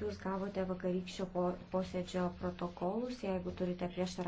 jūs gavote vakarykščio posėdžio protokolus, jeigu turite prieštaravimą.